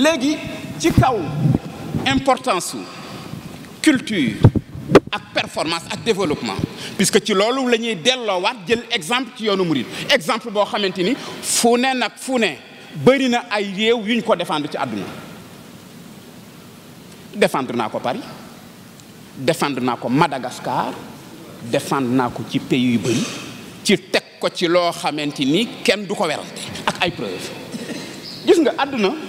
légui ci kaw importance culture ak performance ak développement puisque ci loolu lañuy ñuy wat jël exemple ci yoonu murid exemple bo xamanteni ni nak ne nag na ay réew yuñ ko défendre ci aduna défendre nako Paris défendre nako Madagascar défendre nako ci pays yu bëri ci tek ko ci lo xamanteni kenn du ko ak ay preuves gis nga aduna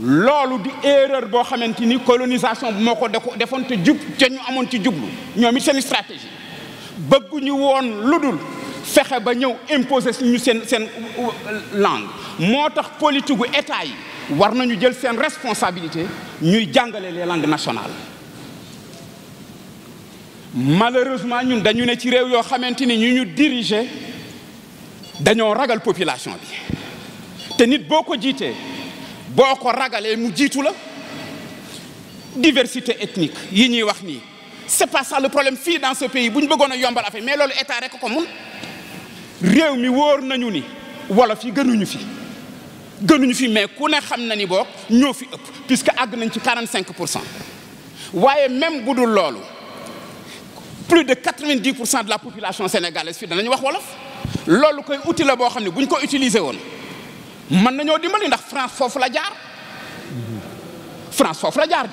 lolu di erreur bo xamanteni colonisation moko defonte djub defoon te ñu amoon ci jublu ñoom it seen stratégie beggu ñu won dul fexé ba ñew imposer suñu seen seen langue motax politique état yi war nañu jël seen responsabilité ñuy jàngale les langues nationales. malheureusement ñun dañu ne ci réew yo xamanteni ñu ñu diriger dañoo ragal population bi té nit boko ko la diversité ethnique yi n'est wax c'est pas ça le problème fi dans ce pays mais ñu yombal mais état rek ko mun réew mi wor nañu ni fi mais ku ne ni puisque ag nañ ci 45 même plus de 90 de la population sénégalaise fi dañu wax wolof lolu koy outil utiliser man nañu dimbali ndax France fofu la jaar France fofu la jaar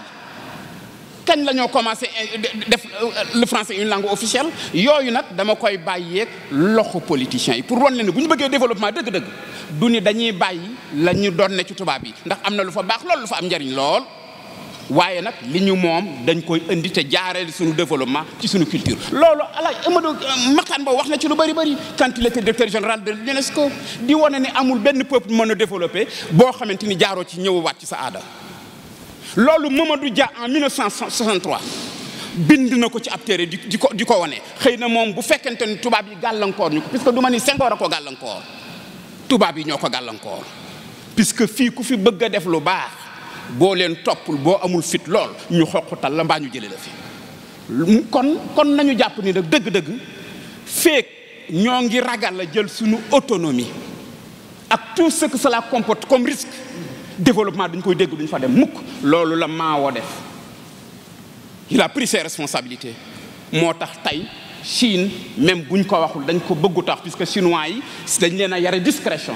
kañ lañu commencé eh, def euh, le français une langue officielle yooyu nak dama koy bàyyeeg loxo politiciens pour wan leen ne développement deug deug du dañuy bàyyi lañu donné ne ci tuba bi ndax amna lu fa baax lool lu fa am njariñ lool waye nak liñu mom dañ koy indi té jaareel suñu développement ci suñu culture loolu alaaj Amadou euh, Mahtar Mbow wax na ci lu bari bari quand il était directeur général de l'UNESCO di wane ne amul benn peuple mëna développer bo xamanteni jaaro ci ñëw ci ci sa ada loolu Mamadou Dia en 1963 bind na ko ci ab téré di di ko di ko wane xëy na bu fekkente ni tubaab yi galankor ñuko puisque duma ni Senghor a ko gàllankoor tubaab yi ñoko galankor puisque fi ku fi bëgg def lu baax boo leen toppul boo amul fit lol ñu xoxutal la bañu jëlé la fi kon kon nañu japp ni nag deug dëgg feek ñoo ragal la jël suñu autonomie ak tout ce que cela comporte comme risque développement duñ koy dégg duñ fa dem mukk lolou la ma wo def il a pris ses responsabilités motax tay Chine même buñ ko waxul dañ ko bëggu tax puisque chinois yi dañ leena a discrétion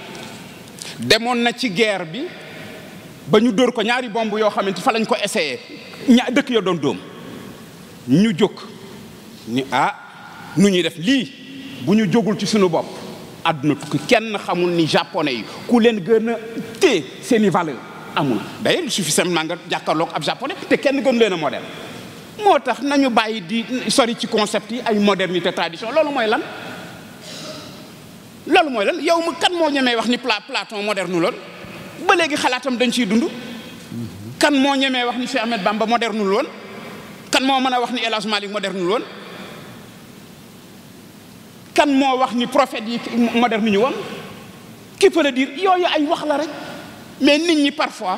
démon na ci guerre bi ba ñu ko ñaari bomb yo xamante fa lañ ko ni ah nu ñuy def lii bu ñu jógul ci suñu bopp àdduna tukki kenn xamul ni japonais ku a téye seen valeur amul nous. il suffit nga japonais te kenn gën leen modèle sori ci concept modernité tradition loolu mooy lan yow mu kan moo ñemee wax ni pla Platon moderne lool ba léegi xalaatam dañ ciy dund kan moo ñemee wax ni Cheikh Ahmed Bamba moderne lool kan moo mën a wax ni El Hadj Malick moderne lool kan moo wax ni profet yi moderne ñu woon qui peut le dire yooyu ay wax la rek mais nit ñi parfois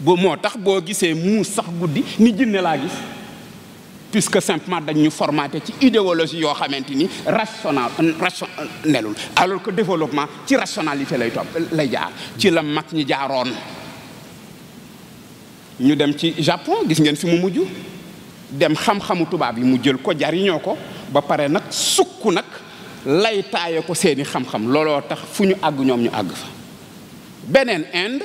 boo moo tax boo gisee muus sax guddi ni jinne laa gis puisque simplement dañ ñu formaté ci idéologie yoo xamante ni rational rationnelul alors que développement ci rationalité lay topp lay jaar ci la mag ñi jaaroon ñu dem ci Japon gis ngeen fi mu mujj dem xam-xamu tubaab yi mu jël ko jariñoo ko ba pare nag sukk nag laytaaye ko seeni xam-xam looloo tax fu ñu àgg ñoom ñu àgg fa beneen Inde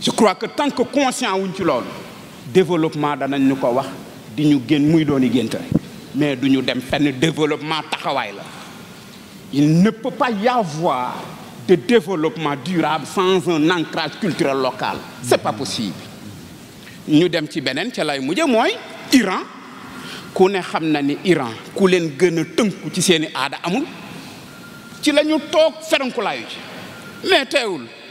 je crois que tant que conscient wuñ ci lool développement da ñu ko wax di ñu génn muy doon i mais du dem fenn développement taxaway la il ne peut pas y avoir de développement durable sans un ancrage culturel local c'est pas possible ñu dem ci benen ci lay mujje moy Iran ku ne xam na ni Iran ku leen gëna a ci seeni aada amul ci la ñu toog ferankulaayu ci mais teewul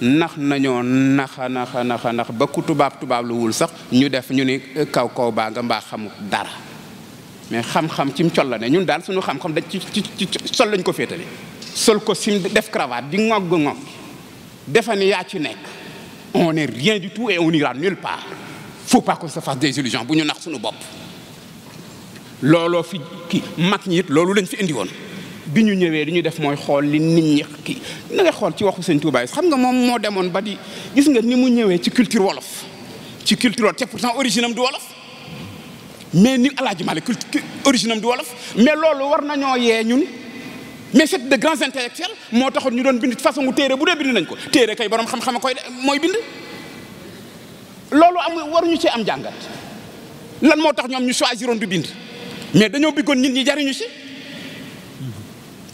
nax nañoo naxa naxa naxa nax ba ku tubaab tubaab lu wul sax ñu def ñu ni kaw kaw baa nga mbaa xamut dara mais xam-xam ci mu col la ne ñun daal suñu xam-xam da ci ci ci sol lañ ko féetale sol ko sim def cravate di ngog ngog defa ni yaa ci nekk on est rien du tout et on ira nulle part faut pas qu'on se fasse des illusions bu ñu nax suñu bopp looloo fi kii mag ñi it loolu lañ fi indi woon bi ñu ñëwee li ñu def mooy xool li nit ñi kii na nga xool ci waxu sëñ Touba xam nga moom moo demoon ba di gis nga ni mu ñëwee ci culture wolof ci culture wolof te pourtant origine am du wolof mais ni Alaaji Maalik culture origine am du wolof mais loolu war nañoo yee ñun mais c'est de grands intellectuels moo taxoon ñu doon bind façon gu téere bu dee bind nañ ko téere kay borom xam-xam koy mooy bind loolu am waruñu ci am jàngat lan moo tax ñoom ñu choisiroon du bind mais dañoo bëggoon nit ñi jariñu ci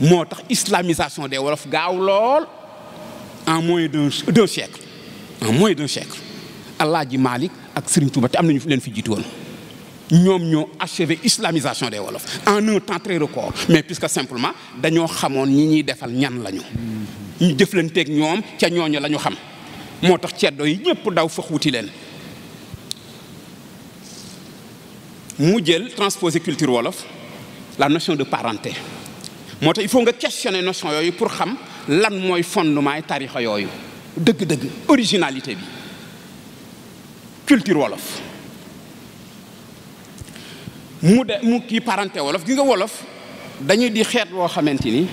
moo islamisation des wolof gaaw en moins d'un siècle en moins d'un siècle Allah Malick ak Serigne Touba te am nañu leen fi jiitu woon ñoo achevé islamisation des wolof en un temps très record mais puisque simplement dañoo xamoon ñi ñuy defal ñan lañu ñu jëflanteeg ñoom ca ñooñu la ñu xam moo tax ceddo yi ñëpp daw fax wuti leen mu jël transposé culture wolof la notion de parenté moo tax il faut nga questionner notion yooyu pour xam lan mooy fondement tarixa yooyu dëgg-dëgg originalité bi culture wolof mu de mu kii parenté wolof gi nga wolof dañuy di xeet woo xamante ni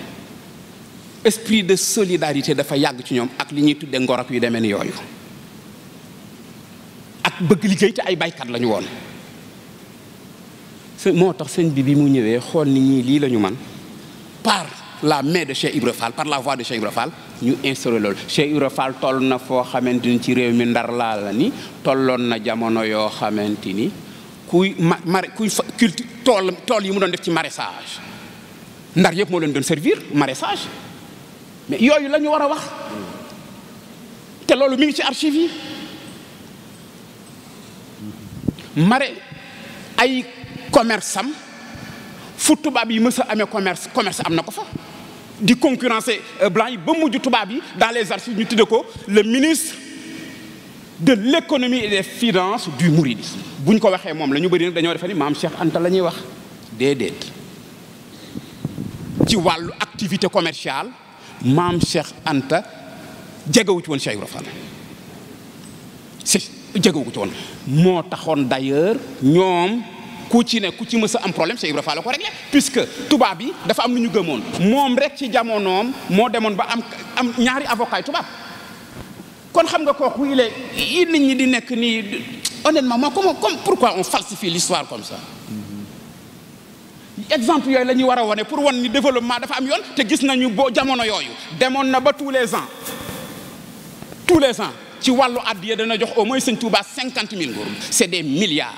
esprit de solidarité dafa yàgg ci ñoom ak li ñuy tudde ngor ak yu demee ni yooyu ak bëgg liggéey te ay baykat lañu woon moo tax sëñ bi bi mu ñëwee xool ni ñii lii lañu man par la main de Cheikh Ibra Fall par la voix de Cheikh Ibra Fall ñu instauré Cheikh Ibra Fall toll na fo xamante ni ci réew mi ndar laa la ni tolloon na jamono yo xamante ni kuy ma mara kuy culture tool tool yi def ci maraîchage ndar yëpp moo leen servir maraîchage mais yooyu la ñu a wax te loolu mi ngi ci archives yi ay commerce fu tubaab yi mës commerce commerce amna ko fa di concurrencer euh, blanc yi ba mujj tubaab yi dans les archives ñu tudde ko le ministre de l'économie et des finances du Mouride, buñ ko waxé mom lañu bari bëri nag dañoo maam Cheikh Anta lañuy wax déedéet ci walu activité commerciale maam Cheikh Anta jegewu ci won Cheikh Ibra Fall si jegewu ci won mo taxone d'ailleurs ñom ku ci ne ku ci a am problème Cheikh Ibra Fall ko réglé puisque tubaab bi dafa am lu ñu gëmoon nom, rek ci jamonoom moo demoon ba am am ñaari avocat yu kon xam nga kooku il est il nit ñi di nekk nii honnêtement moi comment pourquoi on falsifie l'histoire comme ça exemple yooyu la ñuy war a wone pour won ni développement dafa am yoon té gis nañu bo jamono yoyu démon na ba tous les ans tous les ans ci walu addiya dana jox au moins seigne Touba 50000 mille c'est des milliards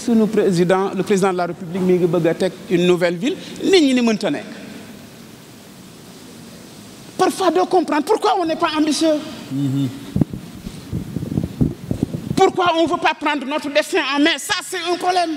Si président le président de la république mi une nouvelle ville nous ñi ni parfois comprendre pourquoi on n'est pas ambitieux pourquoi on ne veut pas prendre notre destin en main ça c'est un problème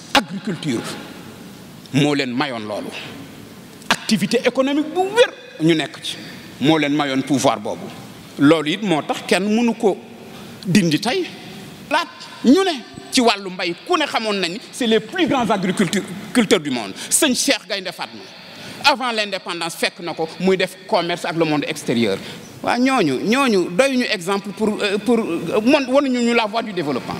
agriculture molen mayon lolo, activité économique bu wér ñu nek ci moo mayon pouvoir bobu loolu it motax kenn mënu ko dindi tay lat ñu ne ci walu mbay ku ne xamone nañ c'est les plus grands agriculteurs du monde seigne Cheikh Gaynde Fatma avant l'indépendance fekk nako muy def commerce ak le monde extérieur wa ñoñu ñoñu doy ñu exemple pour euh, pour euh, mon wonu ñu la voie du développement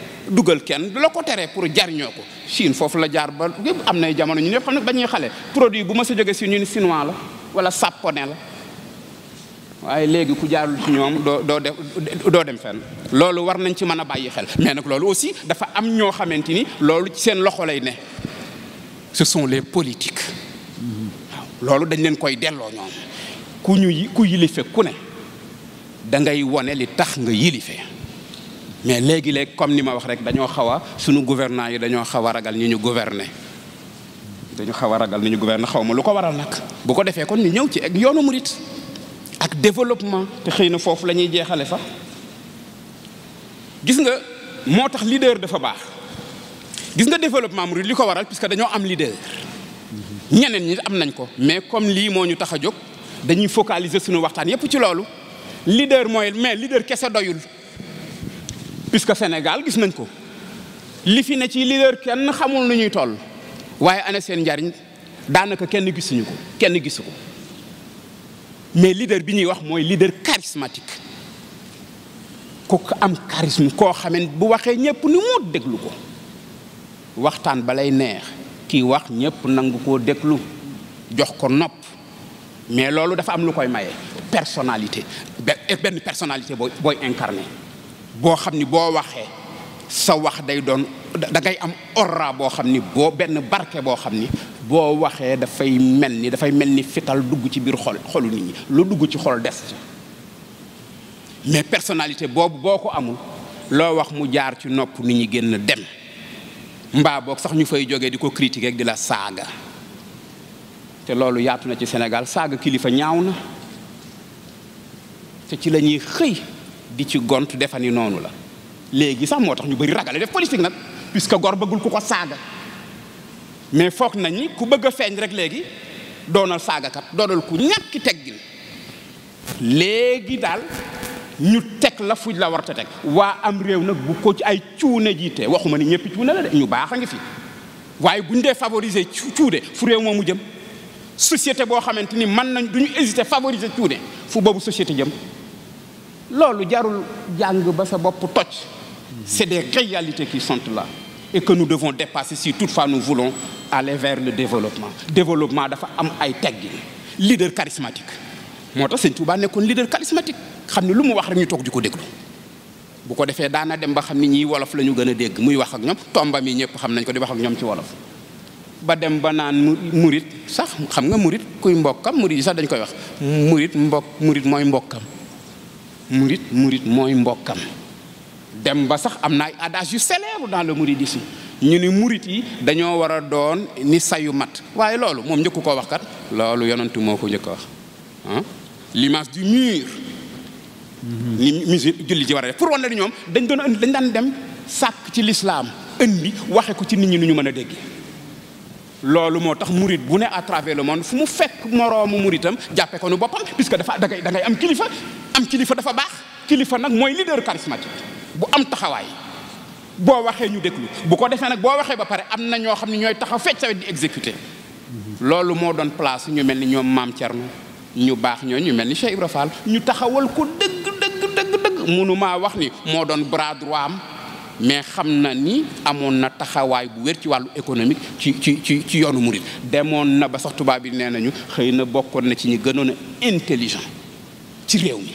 dugal ken la ko téré pour jarñoko ko Chine foofu la jar ba am jamono ñu ñëpp xam ne ba ñuy produit bu ma sa jógee ci ñu chinois la wala sapone la waaye léegi ku jarul ci ñom do do def doo dem fenn lolu war nañ ci mëna a xel mais nak lolu aussi dafa am ño xamante lolu ci seen loxo lay né ce sont les politiques lolu dañ leen koy dello ñom ku ñu ku yilifé ku né da ngay woné li tax nga yilifé mais léegi-léeg comme ni ma wax rek dañoo xaw a sunu gouvernants yi dañoo xaw ragal ñu ñu gouverner dañu xaw ragal ñu ñu xaw ma lu ko waral nag. bu ko defee kon ñu ñëw ci ak yoonu murit ak développement te xëy na foofu la ñuy jeexale sax gis nga moo tax leader dafa baax gis nga développement murit li ko waral que dañoo am leader. ñeneen ñi am nañ ko mais comme lii moo ñu tax a jóg dañuy focaliser suñu waxtaan yépp ci loolu leader mooy mais leader kese doyul. que Sénégal gis nañ ko li fi ne ci leader kenn xamul nu ñuy toll waaye ana seen njariñ daanaka kenn gisuñu ko kenn gisu ko mais leader bi ñuy wax mooy leader charismatique ku am charisme koo xamee bu waxee ñëpp ni mu déglu ko waxtaan ba lay neex kii wax ñëpp nangu koo déglu jox ko nopp mais loolu dafa am lu koy maye personnalité benn personnalité booy booy incarné boo xam ni boo waxee sa wax day doon da am orra boo xam ni boo benn barke boo xam ni boo waxee dafay mel ni dafay mel ni fital dugg ci biir xol xolu nit ñi lu dugg ci xol des ci mais personnalité boobu boo ko amul loo wax mu jaar ci nopp nit ñi génn dem mbaa boog sax ñu fay jógee di ko critiquer ak di la saaga te loolu yaatu na ci Sénégal saaga kilifa ñaaw na te ci la ñuy xëy di ci gont defani noonu la léegi sax moo tax ñu bëri ragale def politique nag puisque gor bëggul ku ko saaga mais foog nañi ku bëgg a feeñ rek léegi doonal saagakat doonal ku ñàkki teggin léegi daal ñu teg la fuñ la war a teg waa am réew nag bu ko ci ay cuune jiite waxuma ni ñëpp cuune la de ñu baax a ngi fi waaye buñ dee favoriser cuude fu réew moomu jëm société boo xamante ni mën nañ ñu hésiter favoriser cuune fu boobu société jëm loolu jarul jang ba sa bop toj c'est des réalités qui sont là et que nous devons dépasser si toutefois nous voulons aller vers le développement développement dafa am ay tegg leader charismatique motax seigne sëñ nekone leader charismatique xamni ne lu mu wax rek ñu tok diko ko bu ko defee daana dem ba xamni ñi wolof lañu gëna dégg muy wax ak ñom tombam yi ñëpp xam nañ ko di wax ak ñom ci wolof ba dem ba naan sax xam nga kuy mbokam sax dañ koy wax mbok moy mbokam murit murit mooy mbokkam dem ba sax am na ay adage yu célèbre dans le mouridisme ñu ni murit yi dañoo war a doon ni sayu mat waaye loolu moom njëkku ko wax kat loolu yonantu moo ko njëkk wax ah l'image du mur ni musir julli ci war a def pour wan na ni ñoom dañ doon dañ daan dem sàkk ci lislaam indi waxe ko ci nit ñi nu ñu mën a déggee lolu motax mouride à travers le monde fumu fek morom mouritam jappé ko nu bopam puisque dafa da ngay da ngay am kilifa am dafa leader charismatique bu am taxaway bo waxé ñu déglu bu ko défé nak bo waxé ba paré am na ñoo xam nous taxaw fecc di exécuter lolu mo don place ñu melni ñom mam maam ñu bax ñoo ñu melni Cheikh ibrahim ñu taxawal ko deug deug deug deug wax ni mo bras droit am mais xamna ni amon na taxawaay bu wér ci walu économique ci ci ci ci yoonu murit demoon na ba sax touba bi nenañu xeyna bokkon na ci ñi gënon intelligent ci réew mi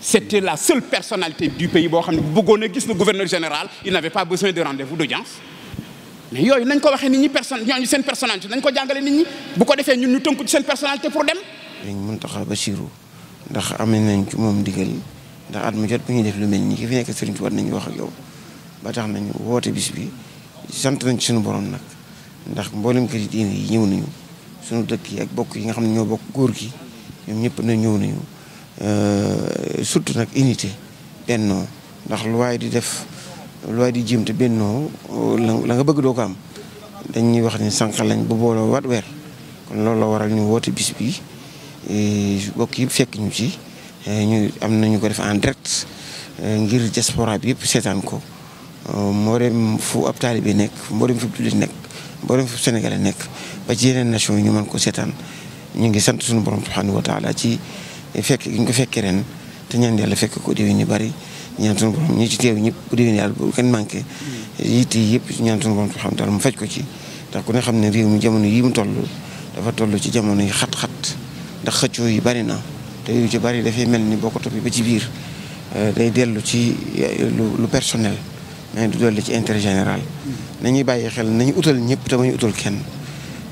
c'était la seule personnalité du pays bo xam ne bëggoon gis na gouverneur général il n'avait pas besoin de rendez-vous d'audience mais yoy nañ ko waxee nit ñi personne ñu seen personnalité nañ ko jàngale nit ñi bu ko défé ñun ñu tënku ci seen personnalité pour dem. dañ mën basirou ndax amé nañ ci mom digël ndax at mu jot bu ñuy def lu mel nii ki fi nekk Serigne Touba nañu wax ak yow ba tax nañu woote bis bi sant nañ ci suñu borom nag ndax mboolem kër yi diine ñëw nañu suñu dëkk yi ak bokk yi nga xam ne ñoo bokk góor gi ñoom ñëpp na ñëw nañu euh, surtout nag unité bennoo ndax lu waaye di def lu waay di jéem te bennoo la nga bëgg doo ko am dañuy wax ne sànq lañ bu booloo wat weer kon loolu la waral ñu woote bis bi bokk yëpp fekk ñu ci Eh, ñu am nañu ko def en direct eh, ngir diaspora bi yëpp seetaan ko eh, mboolem fu ab bi nekk mboolem fu jullit nekk mboolem fu sénégalais nekk ba ci yeneen nation yi ñu mën ko seetaan ñu ngi sant suñu borom subhanahu wa taala ci fekk gi ñu ko fekkee ren te ñaan yàlla fekk ko déwén yu bari ñaan suñu borom ñi ci teew ñëpp bu déwén yàlla bu kenn manqué mm. yitte yëpp ñaan suñu borom subhanahu wa mu faj ko ci ndax ku ne xam ne réew mi jamono yii mu toll dafa toll ci jamono yi xat-xat ndax xëccoo yi bari na te yu ci bari dafay mel ni boo ko toppee ba ci biir euh, day dellu ci euh, lu personnel mais du dolli ci intérêt général. nañuy bàyyee xel nañu utal ñëpp te ñu utal kenn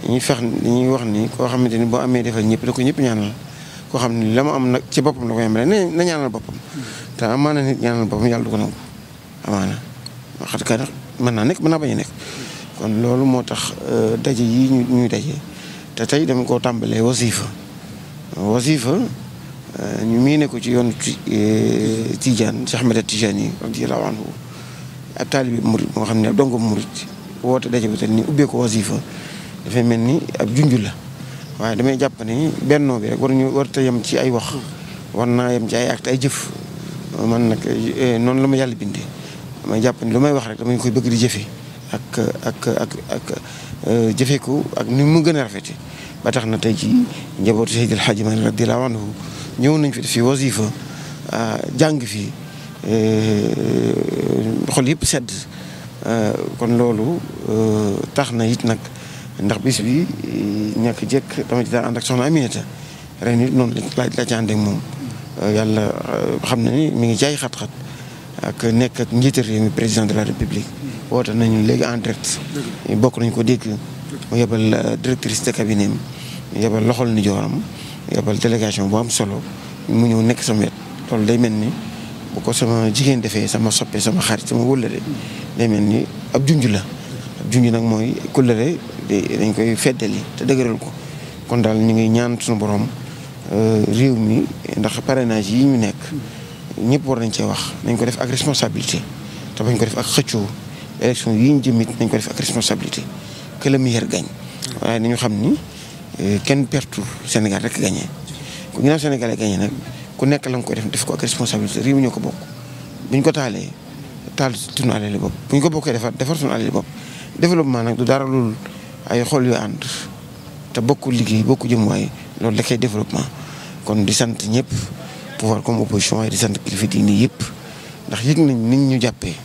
dañuy fex dañuy wax ni koo xamante ni boo amee defal ñëpp da ko ñëpp ñaanal koo xam ne la mu am nag ci boppam la ko yemale na ñaanal boppam. te amaana nit ñaanal boppam yàlla du ko nangu amaana waxat ka nag mën naa nekk mën naa bañ a nekk. kon loolu moo tax euh, daje yi ñu ñuy daje te tey dem koo tàmbalee wasiifa wasiifa ñu miine ko ci yoonu Tidiane Cheikh Ahmed Tidiane radiyallahu anhu ab taalibi murit moo xam ne ab dongo murit woote daje bi te ni ubbee ko wasifa dafay mel ni ab junj la waaye damay jàpp ni bennoo bi rek war ñu war te yem ci ay wax war naa yem ci ay ay jëf man nag noonu la yàlla bindee damay jàpp ni lu wax rek damañ koy bëgg di jëfee ak ak ak ak jëfee ko ak ni mu gën rafete ba tax na tey ci njabootu Seydil Hadji Malick radiyallahu anhu ñëw nañ fi def ci wazifa jàng fi xol yëpp sedd kon loolu tax na it nag ndax bis bi ñàkk jekk dama ci daan ànd ak soxna Aminata ren it noonu la la ci ànd ak moom yàlla xam na ni mi ngi jaay xat-xat ak nekk ak njiitu réew mi président de la république woote nañu léegi en direct bokk nañ ko dégg mu yebal directrice de cabinet mi yebal loxol ni joram yabal délégation boo am solo mu ñëw nekk sama wet loolu day mel ni bu ko sama jigéen defee sama soppe sama xarit sama wëllëre day mel ni ab junj la junju nag mooy kóllëre dañ koy feddali te dëgëral ko kon daal ñu ngi ñaan suñu borom euh, réew mi ndax parrainage yi ñu nekk ñëpp war nañ cee wax nañ ko def ak responsabilité te bañ ko def ak xëccoo élection yi ñu jëmit nañ ko def ak responsabilité que le waaye nañu xam ni Euh, kenn pertu Sénégal rek gagné ku ginnaaw Sénégal a gagné nag ku nekk la nga koy def def ko ak responsabilité réew mi ko bokk bu ñu ko taalee taal suñu alali bopp bu ñu ko bokkee defar defar suñu alali bopp développement nag du dara loolu ay xol yu ànd te bokk liggéey bokk bokku jëmuwaay loolu dakay développement kon di sant ñëpp pouvoir comme opposition waaye di sant kilifa diine yëpp ndax yëg nañ niñ ñu jàppee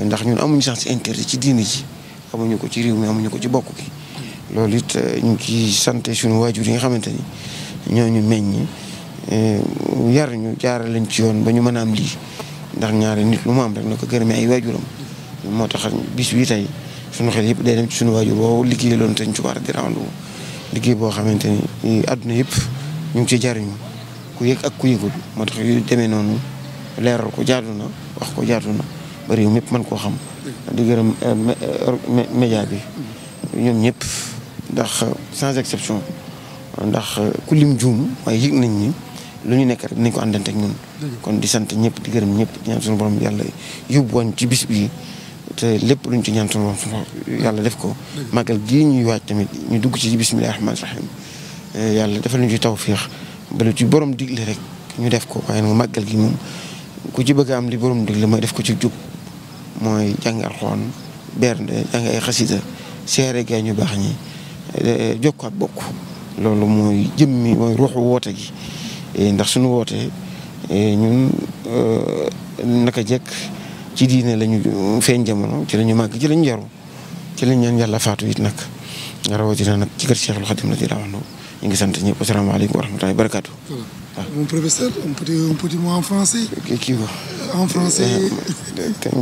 ndax ñun amuñu sens intérêt ci diine ji amuñu ko ci réew mi amuñu ko ci bokk gi loolu it euh, ñu ngi sant suñu waajur yi nga xamante ni ñooñu meññ euh, yar ñu jaarale leen ci yoon ba ñu mën a am lii ndax ñaari nit lu mu am rek na ko gërëmee ay waajuram moo tax bis wii tey suñu xel yëpp day dem ci suñu waajur boo liggéey loon te ñu ci war a di rendu liggéey boo xamante ni eh, àdduna yëpp ñu ngi ciy jariñu ku yëg ak ku yëgul moo tax yu demee noonu leeral ko jaadu na wax ko jaadu na ba réew mépp mën koo xam di gërëm euh, média bi ñoom ñëpp ndax euh, sans exception ndax euh, ku lim juum waaye yëg nañ ñi lu ñu nekk rek dinañ ko àndante ak ñun. kon di sant ñëpp di gërëm ñëpp di ñaan suñu borom yàlla yóbbuwoon ci bis bii. te lépp luñ ci ñaan suñu borom yàlla def ko. màggal gii ñuy waaj tamit ñu dugg ci bisimilah rahmaani rahiim. Eh, yàlla defal ñu ci tawfiix ba lu ci borom digle rek ñu def ko waaye nag màggal gi moom ku ci bëgg am li borom digle mooy def ko ci jub mooy jàng alxuraan bernde jàng ay xasida seere gaa ñu baax ñi. Eh, jokkoo ak bokk loolu mooy jëmmi mooy ruuxu woote gi eh, ndax suñu woote eh, ñun naka jekk ci diine lañu feeñ jamono ci lañu màgg ci lañu yaru ci lañu ñaan yàlla faatu it nak nga rawatina nag ci kër Cheikhul Khadim la di daawandu ñu ngi sant ñëpp asalaamaaleykum wa rahmatullahi wa barakatu mon ah. professeur on peut ko en français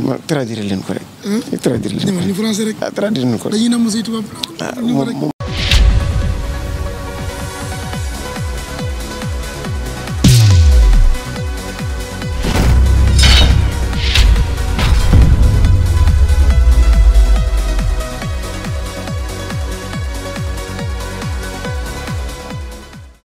ma traduire leen ko rek leen ko rek ah, traduire leen ko rek